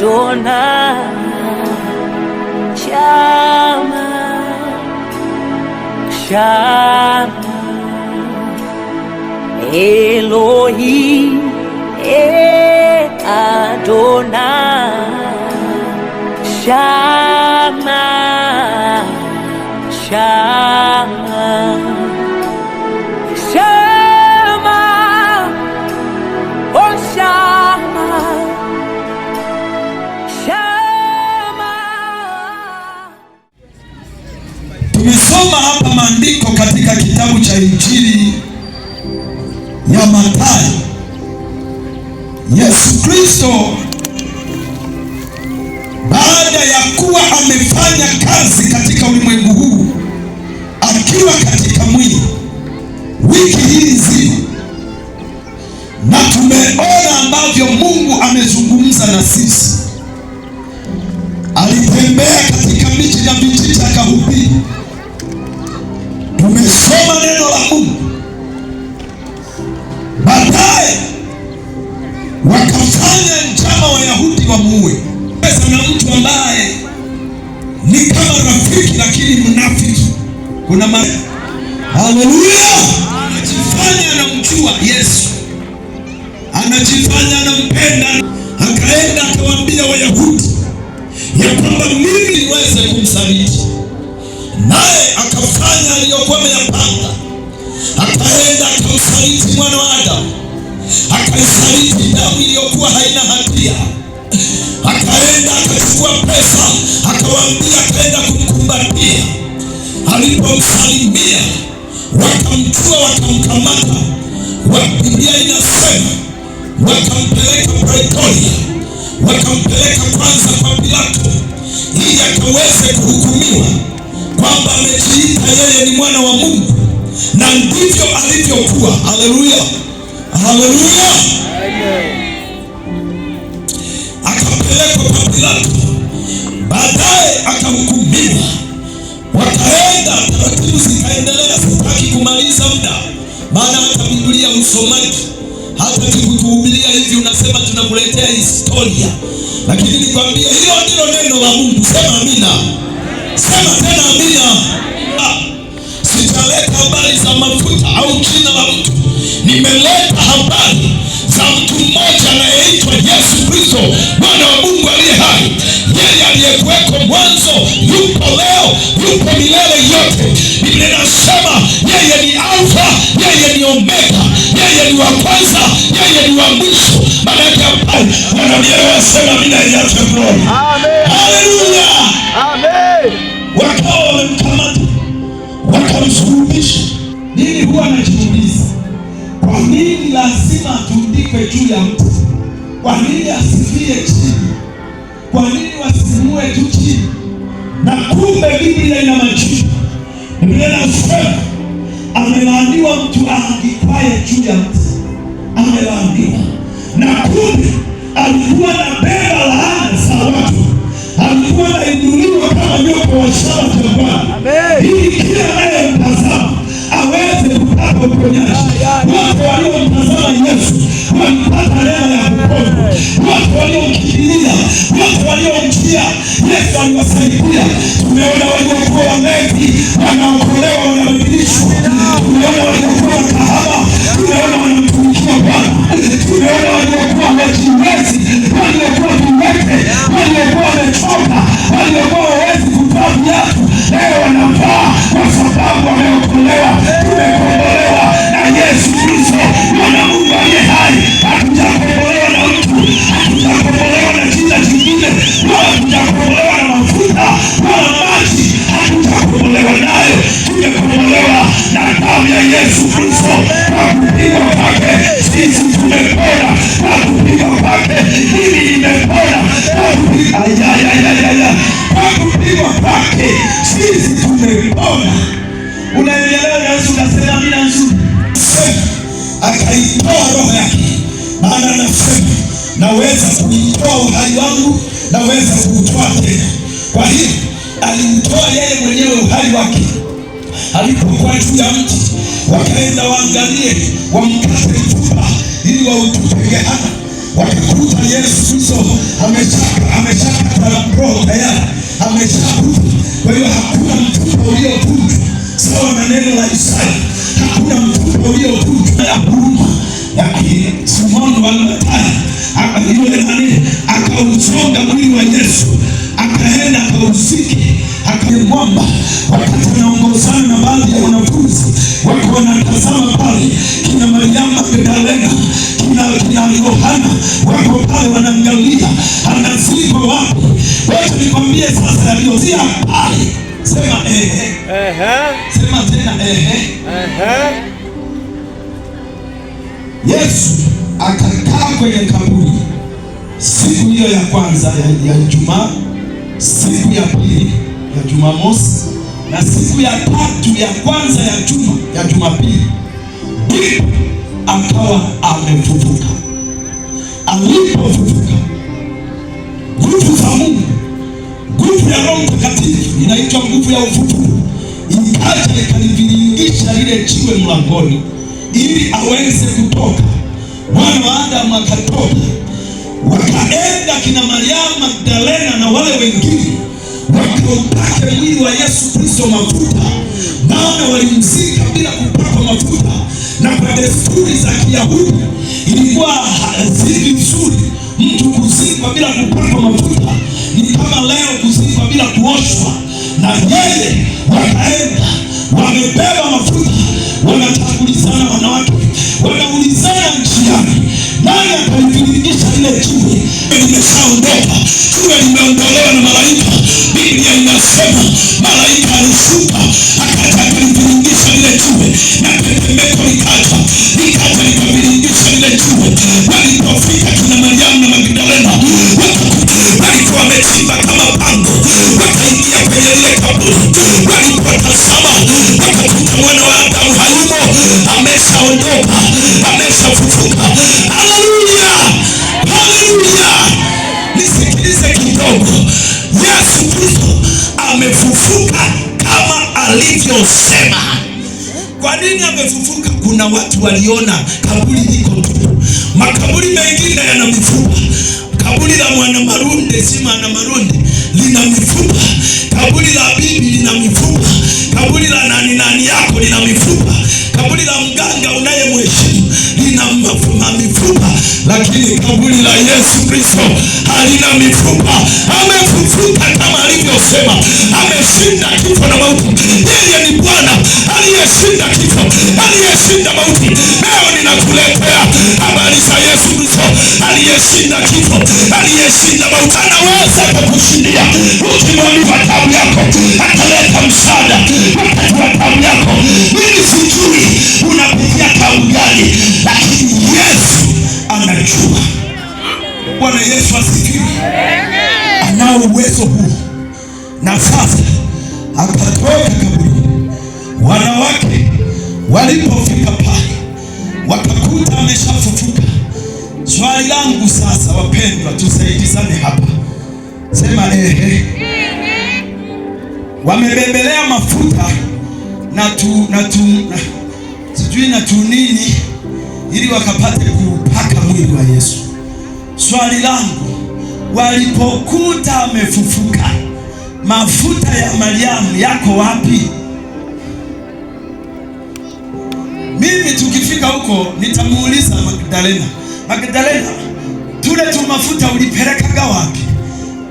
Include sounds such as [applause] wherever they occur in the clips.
dona chama chama Elohim e Adonai chama chama cha Injili ya Mathayo, Yesu Kristo Walipomsalimia wakamtua, wakamkamata. Biblia inasema wakampeleka Pretoria, wakampeleka kwanza kwa Pilato ili akaweze kuhukumiwa kwamba amejiita yeye ni mwana wa Mungu, na ndivyo alivyokuwa. Haleluya, haleluya. Akapelekwa kwa Pilato, baadaye akahukumiwa wataenda taratibu zikaendelea. Sitaki kumaliza muda, maana hata Biblia usomaji hata tukikuhubiria hivi unasema tunakuletea historia, lakini nikwambie hiyo ndilo neno la Mungu. Sema amina, sema tena amina. Ah, sitaleta habari za mafuta au jina la mtu, nimeleta habari za mtu mmoja anayeitwa Yesu Kristo, mwana wa Mungu aliye hai, yeye aliyekuweko linasema yeye ni Alfa, yeye ni Omega, yeye ni wa kwanza, yeye ni wa mwisho. Maana yake wanasema mimi na yeye tumeona. Haleluya, amen. Wakawa wamemkamata wakamsulubisha. Nini huwa anajiuliza, kwa nini lazima atundikwe juu ya mtu? Kwa nini Wasaibuya, tumeona waliokuwa wengi wanaokolewa wanabadilishwa, tumeona imepona kwa kupiga kwake, hili imepona kwa kupigwa kwake, sisi tumepona. Unaelewa? Yesu kasema amina nzuri, akaitoa roho yake, maana anasema naweza kuitoa uhai wangu, naweza kuutoa tena. Kwa hiyo alimtoa yeye mwenyewe uhai wake alipokuwa juu ya mti, wakaenda waangalie, wamkate mfupa ili wautupe jehanamu, wakikuta Yesu Kristo ameshakata roho tayari, ameshakufa. Kwa hiyo hakuna mfupa uliokunjwa, sawa na neno la Isaya, hakuna mfupa uliokunjwa ya huruma Simoni wa Mathayo ile nani, akauchonga mwili wa Yesu akaenda akausiki akamwamba, wakati anaongozana na baadhi ya wanafunzi watu wanatazama pale, kina Mariamu Magdalena, kina Yohana wako pale wanaangalia, anaziko wapi? Wacha nikwambie sasa, yaliozia pale, sema ehe, sema tena ehe. Yesu akakaa kwenye kaburi siku hiyo ya kwanza ya Ijumaa, siku ya pili ya Jumamosi na siku ya tatu ya kwanza ya juma ya Jumapili akawa amefufuka. Alipofufuka, nguvu za Mungu, nguvu ya Roho Mtakatifu inaitwa nguvu ya ufufuko, ikaja ikaliviringisha ile jiwe mlangoni ili aweze kutoka. Mwana wa Adamu akatoka, wakaenda kina Mariamu Magdalena na wale wengine walipompaka mwili wa Yesu Kristo mafuta, maana walimzika bila kupaka mafuta, na kwa desturi za Kiyahudi ilikuwa hazidi vizuri mtu kuzikwa bila kupaka mafuta, ni kama leo kuzikwa bila kuoshwa. Na yeye wakaenda wamebeba mafuta makaburi mengine yana mifupa. Kaburi la mwana marunde si mwana marunde lina mifupa. Kaburi la bibi lina mifupa. Kaburi la nani nani yako lina mifupa. Kaburi la mganga unayemheshimu lina mafuma mifupa, lakini kaburi la Yesu Kristo halina mifupa. Amefufuka kama alivyosema, ameshinda kifo na mauti. Yeye ni Bwana aliyeshinda kifo, aliyeshinda mauti. Leo ninakuleta aliyeshinda kifo, aliyeshinda mauti anaweza kukushindia. Ukimwamini tabu yako, ataleta msaada wakati wa taabu yako. Mimi sijui unapitia tabu gani, lakini Yesu anajua. Bwana Yesu asifiwe. Anao uwezo huu. Na sasa akatoka kaburini. wanawake walipofika Mungu sasa, wapendwa, tusaidizane hapa. Sema ehe. Wamebebelea mafuta na tu na tu na, sijui na tu nini, ili wakapate kupaka mwili wa Yesu. Swali langu, walipokuta amefufuka, mafuta ya Mariamu yako wapi? Mimi tukifika huko nitamuuliza Magdalena, Magdalena tule mafuta ulipelekaga wapi?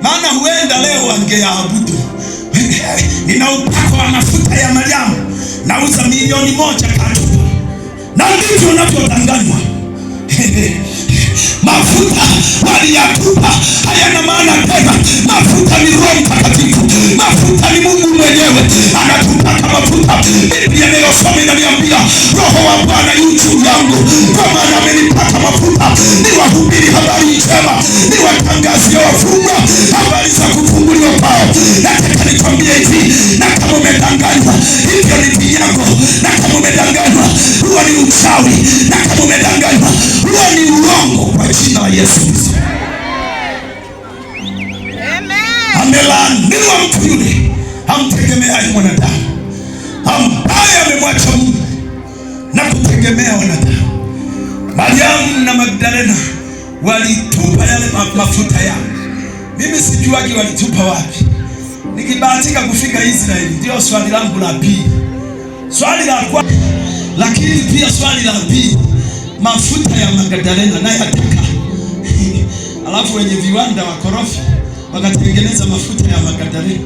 Maana huenda leo wangeyaabudu. Nina upako wa mafuta ya Mariamu, nauza milioni moja katupa. Na ndivyo unavyodanganywa [laughs] mafuta waliyatupa hayana maana tena. Mafuta ni Roho Mtakatifu, mafuta ni Mungu mwenyewe anatupaka mafuta. Biblia inayosoma inaniambia roho wa Bwana yu juu yangu kufika Israeli, ndio swali langu la pili. Swali la kwa, lakini pia swali la pili, mafuta ya Magdalena nayataka. [laughs] Alafu wenye viwanda wakorofi wakatengeneza mafuta ya Magdalena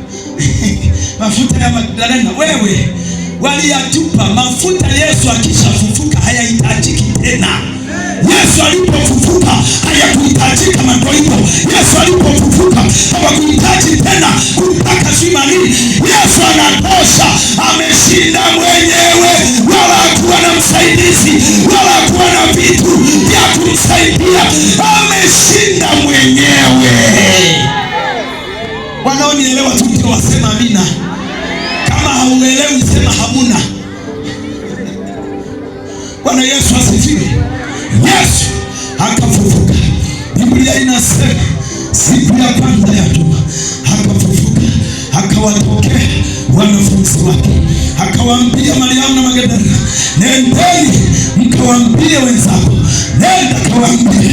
[laughs] mafuta ya Magdalena, wewe waliyatupa mafuta. Yesu akishafufuka hayahitajiki tena. Yesu alipofufuka hayakuhitajika magoipo. Yesu alipofufuka hawakuhitaji tena kumpaka simanini. Yesu anatosha, ameshinda mwenyewe, wala hakuwa na msaidizi wala hakuwa na vitu vya kumsaidia, ameshinda mwenyewe. Wanaonielewa tu ndio wasema amina. Kama hauelewi hamuna. Bwana Yesu asifiwe. Yesu akafufuka. Biblia inasema siku ya kwanza ya juma akafufuka, akawatokea wanafunzi wake, akawaambia Mariamu na Magdalena, nendeni mkawaambie wenzako, nenda kawaambie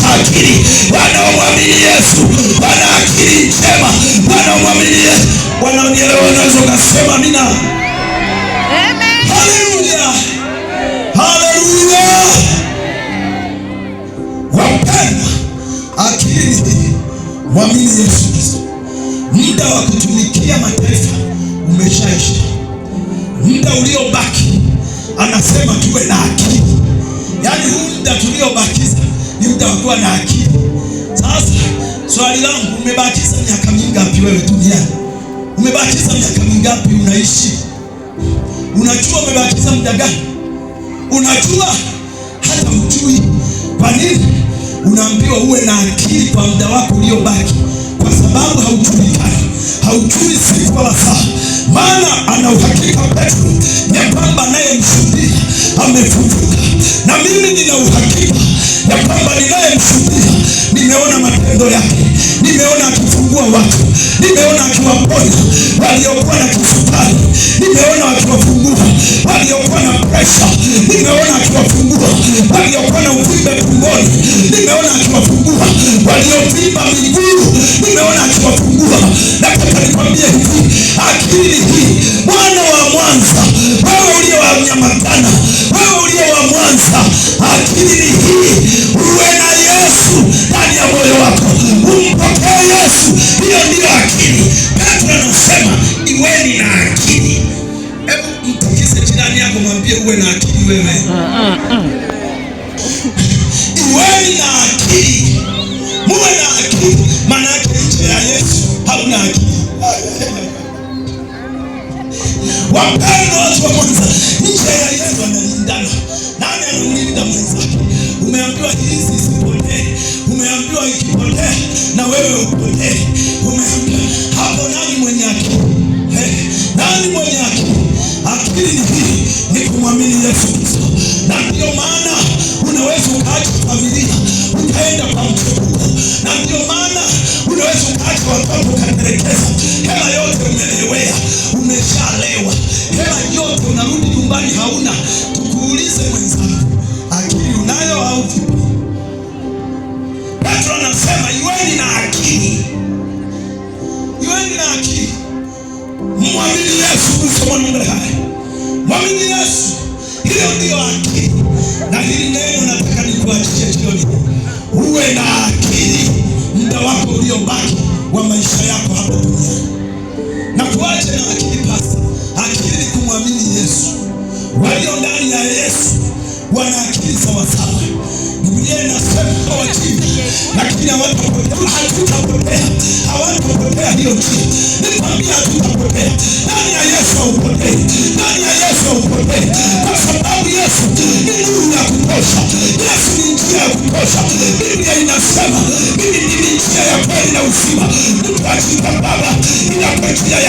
matajiri wanaomwamini Yesu wana akili njema, wanaomwamini Yesu wanaonielewa, wanaweza ukasema amina. Haleluya, haleluya. Wapendwa, akili mwamini Yesu Kristo. Muda wa kutumikia mataifa umeshaisha, muda uliobaki anasema tuwe na akili, yaani huu muda tuliobakiza ni mtu wa na akili. Sasa swali langu, umebakiza miaka mingapi wewe duniani? Umebakiza miaka mingapi unaishi? Unajua umebakiza muda gani? Unajua hata ujui. Kwa nini? Unaambiwa uwe na akili kwa muda wako uliobaki, kwa sababu haujulikani, haujui siku wala saa. Maana ana uhakika Petro ya kwamba mshuhudia amefufuka na mimi nina uhakika ya kwamba ninayemshuhudia nimeona matendo yake, nimeona akifungua watu, nimeona akiwaponya waliokuwa na kisukari, nimeona akiwafungua waliokuwa na presha, nimeona akiwafungua waliokuwa na uvimbe tumboni, nimeona akiwafungua waliovimba miguu, nimeona akiwafungua. Nataka nikwambie hivi, akili hii, mwana wa Mwanza, wewe ulio wa Nyamagana akili uelekevu. Hela yote umelewa, umeshalewa. Hela yote unarudi nyumbani hauna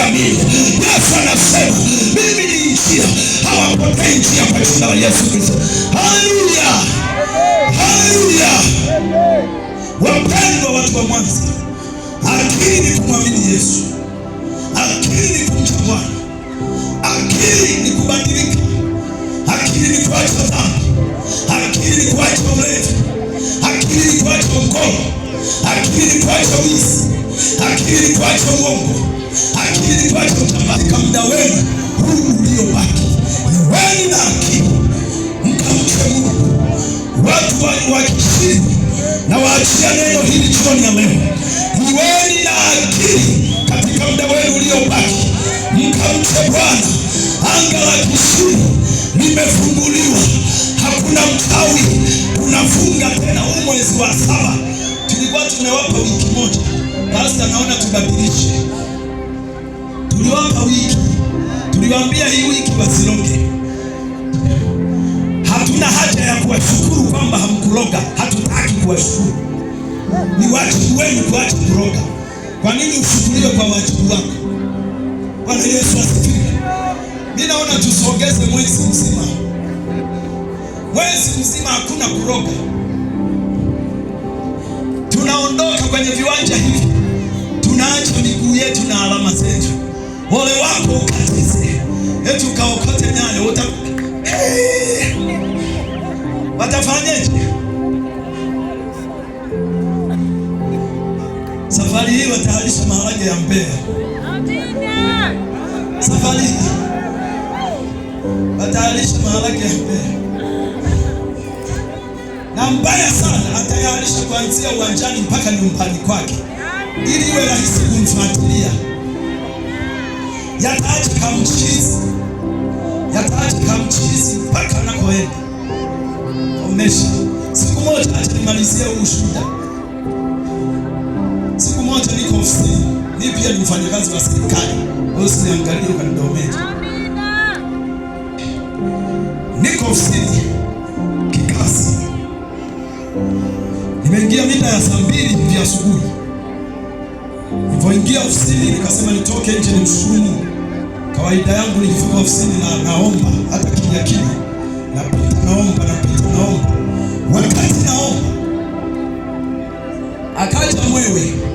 kamili. Yesu anasema mimi ni njia, hawapotei njia kwa jina la Yesu Kristo. Haleluya, haleluya. Wapendwa watu wa Mwanza, akili kumwamini Yesu. imefunguliwa, hakuna mkawi. unafunga tena huu mwezi wa saba, tulikuwa tumewapa wiki moja, basi anaona tubadilishe. Tuliwapa wiki, tuliwaambia hii wiki wasiloge. Hatuna haja ya kuwashukuru kwamba hamkuloga, hatutaki kuwashukuru. Ni wajibu wenu kuacha kuloga. Kwa nini ushukuliwe kwa wajibu wako? Bwana Yesu asifiwe ninaona tusogeze mwezi mzima, mwezi mzima hakuna kuroga. Tunaondoka kwenye viwanja hivi, tunaacha miguu yetu na alama zetu. Ole wako ukatize eti ukaokote nyayo uta watafanyaje? Safari hii wataharisha maharage ya Mbeya. Amina. Safari hii watayarisha maharage ya mbele, na mbaya sana atayarisha kuanzia uwanjani mpaka nyumbani kwake, ili iwe rahisi kumfuatilia. Yataacha kamchizi, yataacha kamchizi mpaka anakoenda. Omesha siku moja, acha nimalizie huu ushuhuda. Siku moja niko ofisini, mimi pia ni mfanyakazi wa serikali, usiniangalie ukanidomeje niko ofisini kikazi, nimeingia mida ya saa mbili vya asubuhi. Nilipoingia ofisini nikasema nitoke nje ni Mungu. Kawaida yangu nikifika ofisini na naomba hata kimya kimya, napita naomba, napita naomba. Wakati naomba akaja mwewe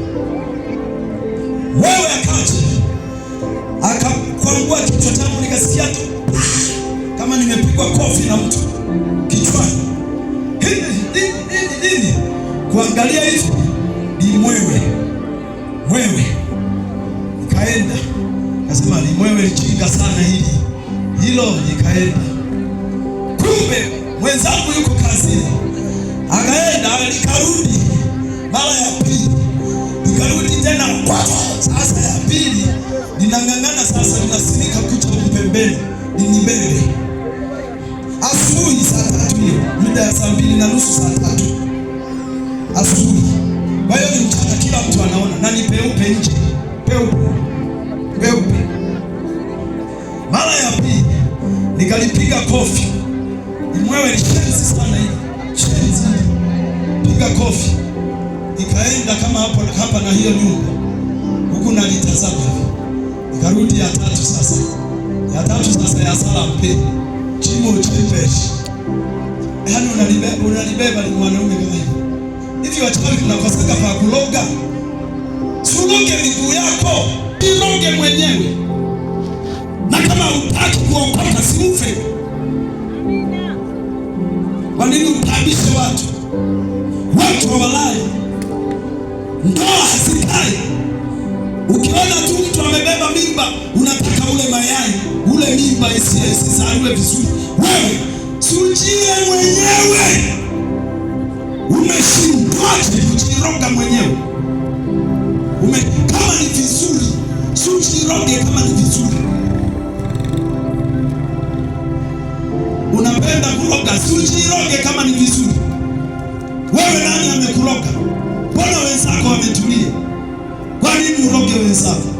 nikapiga kofi nikaenda kama hapo hapa na hiyo nyumba huku nalitazama hivi, nikarudi ya tatu sasa, ya tatu sasa ya sala mpeni chimo chipeshi, Yani unalibeba unalibeba, ni mwanaume kama hivi hivi. Wachawi tunakosaka pa kuloga, sulonge miguu yako, iloge mwenyewe, na kama utaki kuokoka siufe, kwa nini utabishe watu? kwa walai, ndoa hazikai. Ukiona tu mtu amebeba mimba, unataka ule mayai ule mimba isizaliwe vizuri, wewe sujie mwenyewe. Umeshindwaje kujiroga mwenyewe? Ume, kama ni vizuri sujiroge, kama ni vizuri unapenda kuroga sujiroge, kama ni vizuri kuroga? Mbona wenzako wametulia? Kwa nini uroge wenzako?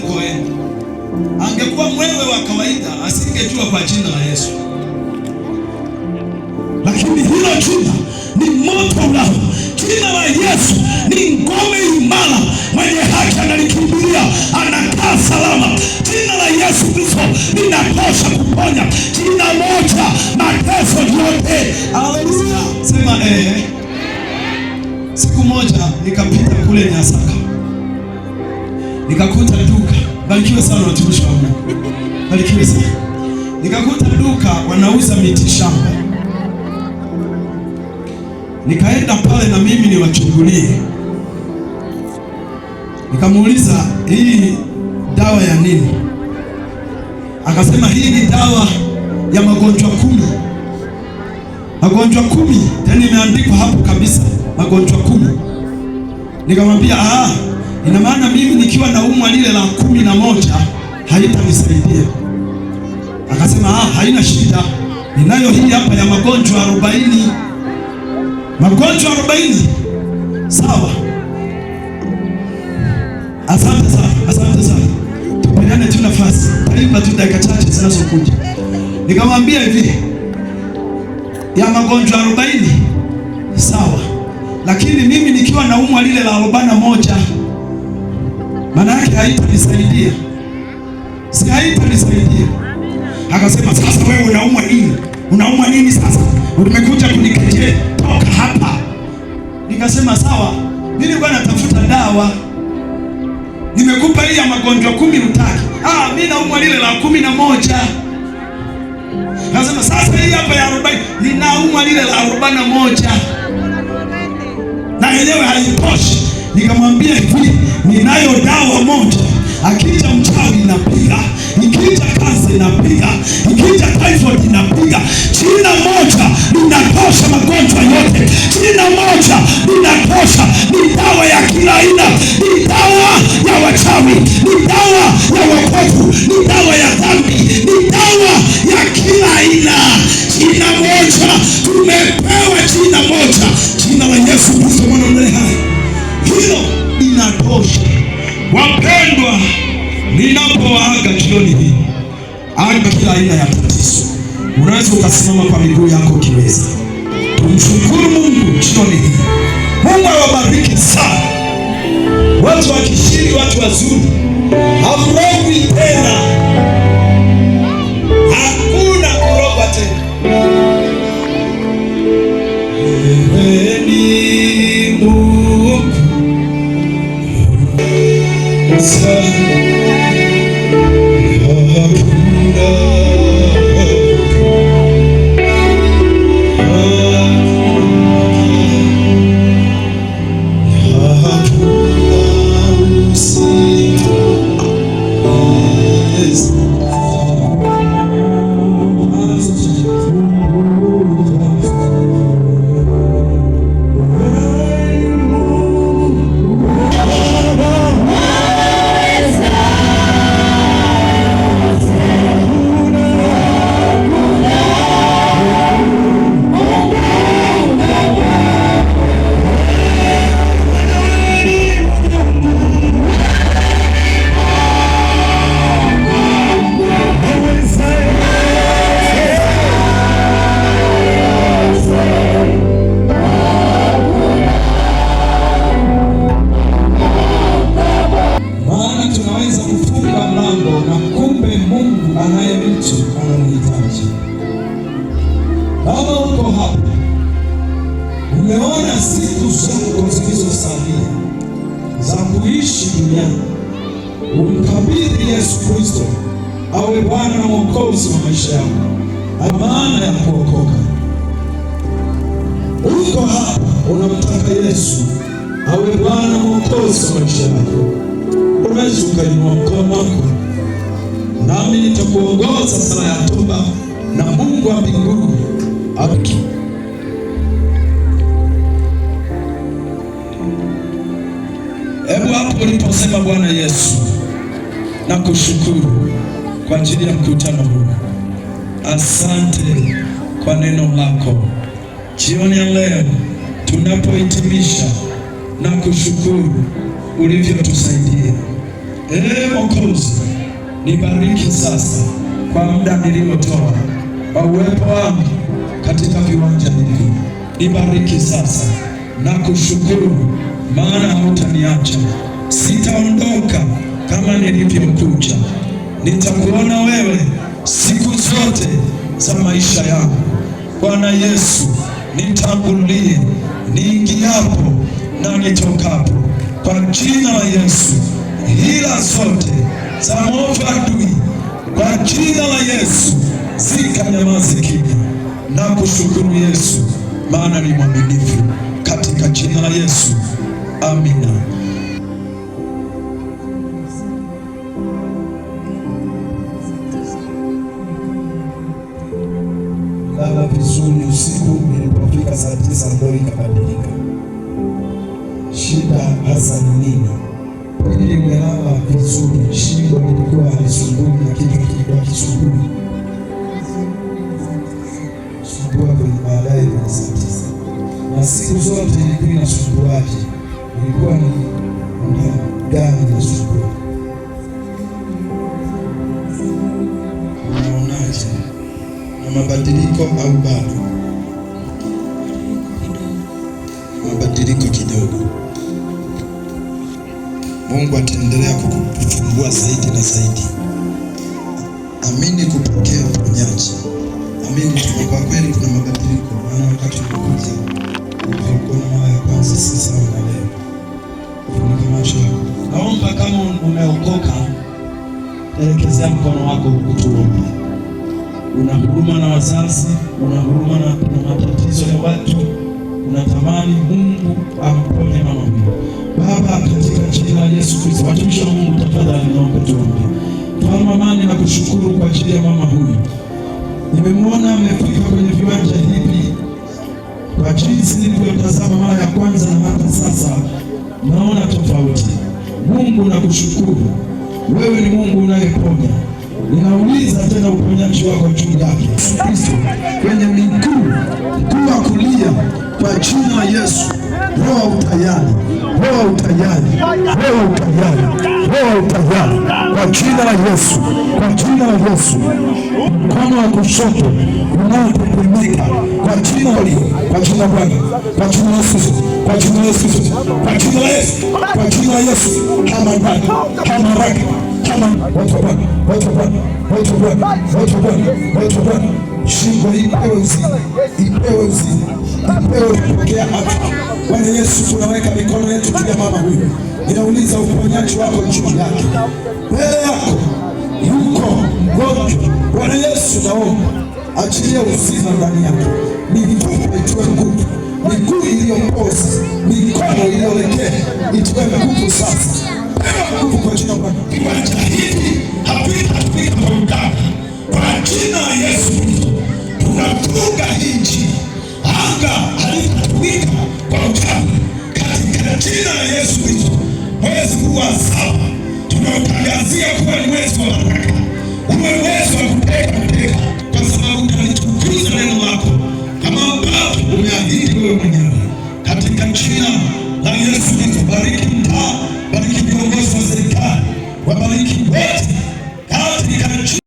kuliko Angekuwa mwewe wa kawaida asingejua kwa jina la Yesu, lakini hilo jina ni moto la Jina la Yesu ni ngome imara, mwenye haki analikimbilia anakaa salama. Jina la Yesu Kristo linatosha kuponya, jina moja mateso yote. Haleluya, sema eh. eh. Siku moja nikapita kule Nyasaka nikakuta Barikiwe sana watumishi wa Mungu. Barikiwe sana. Nikakuta duka wanauza miti shamba. Nikaenda pale na mimi niwachungulie. Nikamuuliza hii dawa ya nini? Akasema hii ni dawa ya magonjwa kumi. Magonjwa kumi, tena yaani imeandikwa hapo kabisa, magonjwa kumi. Nikamwambia ah Ina maana mimi nikiwa naumwa lile la kumi na moja haitanisaidia. Akasema ah, haina shida, ninayo hii hapa ya magonjwa arobaini. Magonjwa arobaini, sawa. Asante sana, asante sana, tupendane tu nafasi, karibu tu dakika chache zinazokuja. Nikamwambia hivi ya magonjwa arobaini, sawa, lakini mimi nikiwa naumwa lile la arobaini na moja maana yake haitanisaidia, si haitanisaidia. Akasema sasa, wewe unaumwa nini? Unaumwa nini sasa? Umekuja kunikejeli, toka hapa. Nikasema sawa, mimi nilikuwa natafuta dawa, nimekupa hii ya magonjwa kumi, utaki? Ah, mimi naumwa lile la kumi na moja. Nasema sasa hii hapa ya arobaini, ninaumwa lile la arobaini na moja na yenyewe haitoshi nikamwambia hivi, ninayo dawa moja, akija mchawi inapiga, ikija kansa inapiga, ikija typhoid inapiga. Jina moja linatosha magonjwa yote, jina moja linatosha. Ni dawa ya kila aina, ni dawa Kama uko hapa umeona siku zako zilizosalia za kuishi duniani, umkabidhi Yesu Kristo awe Bwana na Mwokozi wa maisha yako, ana maana ya kuokoka. Uko hapa unamtaka Yesu awe Bwana Mwokozi wa maisha yako, unaweza ukainua mkono wako, nami nitakuongoza sala ya toba na Mungu wa mbinguni haki. Hebu hapo uliposema Bwana Yesu, nakushukuru kwa ajili ya mkutano huu. Asante kwa neno lako jioni ya leo tunapohitimisha, na kushukuru ulivyotusaidia. Ee Mwokozi, nibariki sasa kwa muda niliotoa kwa uwepo wangu katika viwanja hivi. Nibariki sasa na kushukuru, maana hautaniacha. Sitaondoka kama nilivyokuja, nitakuona wewe siku zote za maisha yangu. Bwana Yesu, nitambulie niingiapo na nitokapo, kwa jina la Yesu. Hila zote za mwovu adui, kwa jina la Yesu zikanyamaze kimya na kushukuru Yesu, maana ni mwaminifu. Katika jina la Yesu, amina. Lala vizuri usiku. Nilipofika saa tisa ikabadilika. Shida hasa ni nini? nimelala vizuri, shingo ilikuwa haisumbui na kichwa kilikuwa siku zote nilikuwa nasumbuaje? Nilikuwa ni damu nasumbua. Unaonaje na mabadiliko au bado? mkono wako ukutuombe. Una huruma na wazazi, una huruma na matatizo ya watu, unatamani Mungu amponye mama huyu. Baba, katika jina la Yesu Kristo, watumishi wa Mungu, tafadhali naomba tuombe. Twana amani na kushukuru kwa ajili ya mama huyu. Nimemwona amefika kwenye viwanja hivi kwa jinsi nilivyotazama mara ya kwanza na hata sasa naona tofauti. Mungu nakushukuru, wewe ni Mungu unayeponya unauliza tena uponyaji wako juu mchungaji Kristo kwenye miguu kuwa kulia kwa jina Yesu. Roho utayari, roho utayari, roho utayari, roho utayari kwa jina la Yesu, kwa jina la Yesu. Mkono wa kushoto unaotetemeka kwa jina hili, kwa jina Bwana, kwa jina la Yesu, kwa jina la Yesu, kwa jina la Yesu, kwa jina la Yesu, kama raka, kama raka Shingo ipewe uzima, ipewe uzima, ipewe kupokea afya. Bwana Yesu, tunaweka mikono yetu juu ya mama huyu, inauliza uponyaji wako juu yake, mbele yako yuko mgonjwa. Bwana Yesu, naomba achilie uzima ndani yako, mitupe itiwe nguvu, miguu iliyopoza, mikono iliyolekea itiwe nguvu sasa Tunajitahidi hatutapiga marufuku. Kwa jina la Yesu tunafunga nchi, anga halitatumika kwa uchafu katika jina la Yesu Kristo. Mwezi huu wa saba tunaotangazia kuwa ni mwezi wa baraka, uwe mwezi wa kuteka mateka, kwa sababu utalichukiza neno lako kama ambavyo umeahidi wewe mwenyewe katika jina la Yesu Kristo. Bariki mtaa wabariki viongozi wa serikali, wabariki wote